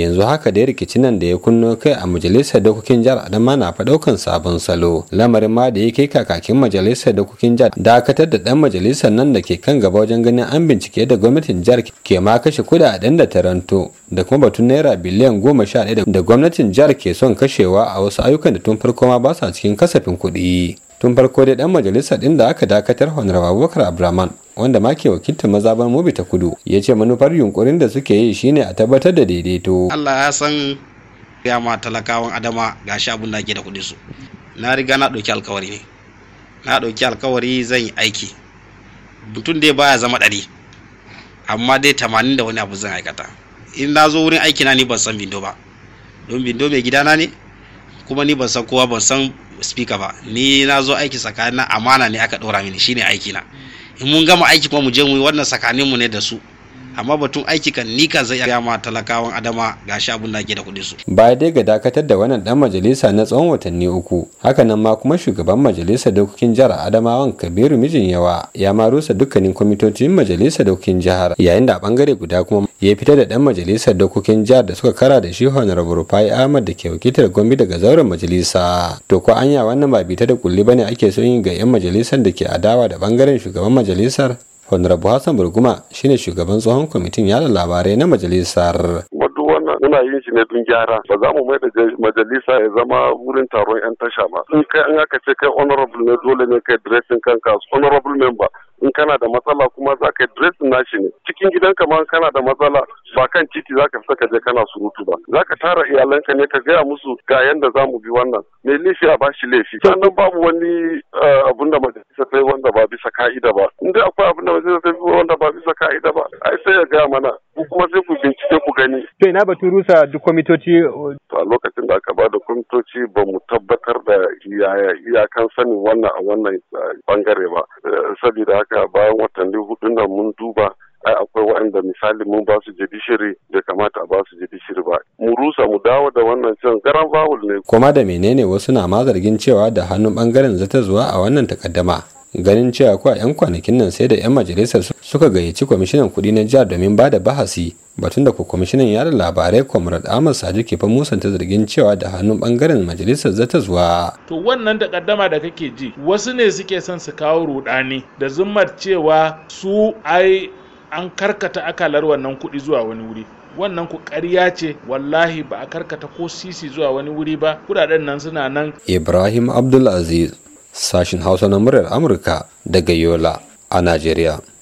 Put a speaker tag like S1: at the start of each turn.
S1: yanzu haka da rikicin nan da ya kunno kai a majalisar dokokin jihar adama na fa daukan sabon salo lamarin ma da ya kai kakakin majalisar dokokin jihar dakatar da dan majalisar nan da ke kan gaba wajen ganin an bincike da gwamnatin jihar ke ma kashe kudaden da taranto da kuma batun naira biliyan goma sha ɗaya da gwamnatin jihar ke son kashewa a wasu ayyukan da tun farko ma ba sa cikin kasafin kuɗi tun farko dai dan majalisar ɗin da aka dakatar honorable abubakar abdulrahman wanda ma ke wakiltar ba mubi ta kudu ya ce manufar yunkurin da suke yi shine a tabbatar da daidaito
S2: allah ya san ya ma talakawan adama ga shi abin da ke da kudi su na riga na ɗauki alkawari ne na ɗauki alkawari zan yi aiki mutum dai baya zama ɗari amma dai tamanin da wani abu zan aikata in na zo wurin aiki na ni ban san bindo ba don bindo mai gidana ne kuma ni ban san kowa ban san speaker ba ni na zo aiki tsakanin amana ne aka ɗora mini shine aiki na mun gama aiki kuma mu je mu yi wannan tsakaninmu ne da su amma batun aiki kan nika zai ya ma talakawan adama ga shi da ke da kuɗi su
S1: baya dai ga dakatar da wannan dan majalisa na tsawon watanni uku hakanan ma kuma shugaban majalisar dokokin jihar adamawan kabiru mijin yawa ya ma rusa dukkanin kwamitocin Majalisa dokokin jihar yayin da a bangare guda kuma ya fitar da dan majalisar dokokin jihar da suka kara da shi Honar Burfai ahmad da ke wakiltar gombe daga zauren majalisa to ko anya wannan ba bita da kulli bane ake so yin ga yan majalisar da ke adawa da bangaren shugaban majalisar honorable hassan burguma shine shugaban tsohon kwamitin yada labarai na majalisar
S3: muna yin shi ne don gyara ba za mu mai da majalisa ya zama wurin taron 'yan tasha ba in kai an aka ce kai honorable ne dole ne kai dressing kanka honorable member in kana da matsala kuma za ka na nashi ne cikin gidan ma kana da matsala ba kan titi za ka saka je kana surutu ba za ka tara iyalanka ne ka gaya musu ga yanda za mu bi wannan me laifi a bashi lefi sannan babu wani eh, abun da majalisa ta yi wanda ba bisa ka'ida ba in dai akwai abun da majalisa ta yi wanda ba bisa ka'ida ba ai sai ya gaya mana kuma sai ku bincike ku gani.
S1: to ina batun duk kwamitoci
S3: a lokacin da aka bada kuntoci ba mu tabbatar da iyakan sanin wannan a wannan bangare ba eh, saboda haka bayan watanni hudu nan mun duba ai akwai waɗanda misali mun ba su judiciary da kamata a ba su judiciary ba mu rusa mu dawo da wannan can garan bawul ne
S1: kuma da menene wasu na ma zargin cewa da hannun bangaren zata zuwa a wannan takaddama ganin cewa a 'yan kwanakin nan sai da 'yan majalisar suka gayyaci kwamishinan kudi na jihar domin ba da bahasi batun da kwamishinan yada labarai comrade ahmad sadiq ke fa musanta zargin cewa da hannun bangaren majalisar zata zuwa to wannan da kaddama da kake ji wasu ne suke son su kawo rudani da zummar cewa su ai an karkata akalar wannan kuɗi zuwa wani wuri wannan ku ƙarya ce wallahi ba a karkata ko sisi zuwa wani wuri ba kudaden nan suna nan ibrahim abdulaziz sashin hausa na muryar amurka daga yola a najeriya